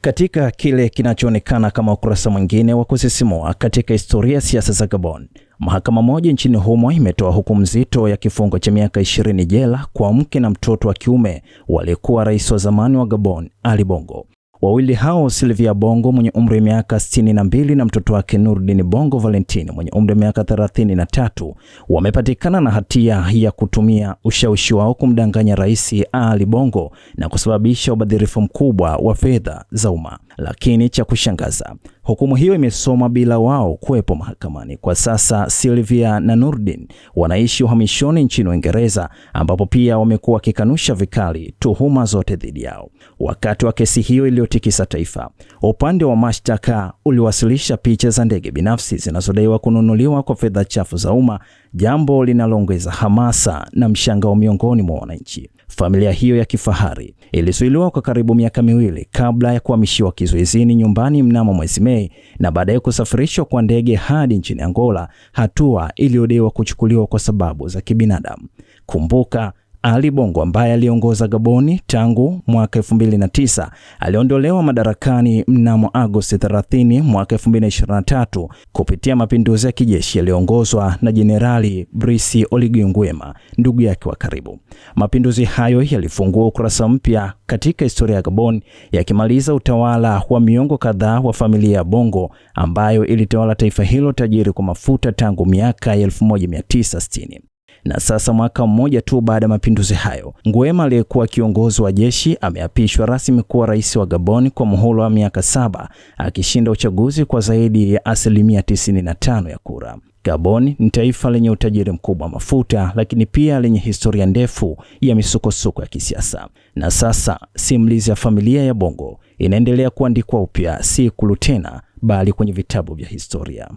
Katika kile kinachoonekana kama ukurasa mwingine wa kusisimua katika historia ya siasa za Gabon, mahakama moja nchini humo imetoa hukumu nzito ya kifungo cha miaka 20 jela kwa mke na mtoto wa kiume waliyekuwa rais wa zamani wa Gabon, Ali Bongo. Wawili hao Sylvia Bongo mwenye umri wa miaka 62 na mtoto wake Nurdin Bongo Valentine mwenye umri wa miaka 33 wamepatikana na hatia ya kutumia ushawishi wao kumdanganya Rais Ali Bongo na kusababisha ubadhirifu mkubwa wa fedha za umma. Lakini cha kushangaza, Hukumu hiyo imesoma bila wao kuwepo mahakamani. Kwa sasa Silvia na Nurdin wanaishi uhamishoni nchini Uingereza, ambapo pia wamekuwa wakikanusha vikali tuhuma zote dhidi yao. Wakati wa kesi hiyo iliyotikisa taifa, upande wa mashtaka uliwasilisha picha za ndege binafsi zinazodaiwa kununuliwa kwa fedha chafu za umma, jambo linaloongeza hamasa na mshangao miongoni mwa wananchi. Familia hiyo ya kifahari ilizuiliwa kwa karibu miaka miwili kabla ya kuhamishiwa kizuizini nyumbani mnamo mwezi Mei Guinea na baadaye kusafirishwa kwa ndege hadi nchini Angola, hatua iliyodaiwa kuchukuliwa kwa sababu za kibinadamu. Kumbuka ali Bongo ambaye aliongoza Gaboni tangu mwaka 2009 aliondolewa madarakani mnamo Agosti 30 mwaka 2023 kupitia mapinduzi ya kijeshi yaliyoongozwa na Jenerali Brice Oligui Nguema, ndugu yake wa karibu. Mapinduzi hayo yalifungua ukurasa mpya katika historia ya Gabon, yakimaliza utawala wa miongo kadhaa wa familia ya Bongo ambayo ilitawala taifa hilo tajiri kwa mafuta tangu miaka ya 1960. Na sasa mwaka mmoja tu baada ya mapinduzi hayo, Nguema aliyekuwa kiongozi wa jeshi ameapishwa rasmi kuwa rais wa Gabon kwa muhula wa miaka saba, akishinda uchaguzi kwa zaidi ya asilimia 95 ya kura. Gabon ni taifa lenye utajiri mkubwa wa mafuta lakini pia lenye historia ndefu ya misukosuko ya kisiasa. Na sasa simulizi ya familia ya Bongo inaendelea kuandikwa upya, si kulutena tena, bali kwenye vitabu vya historia.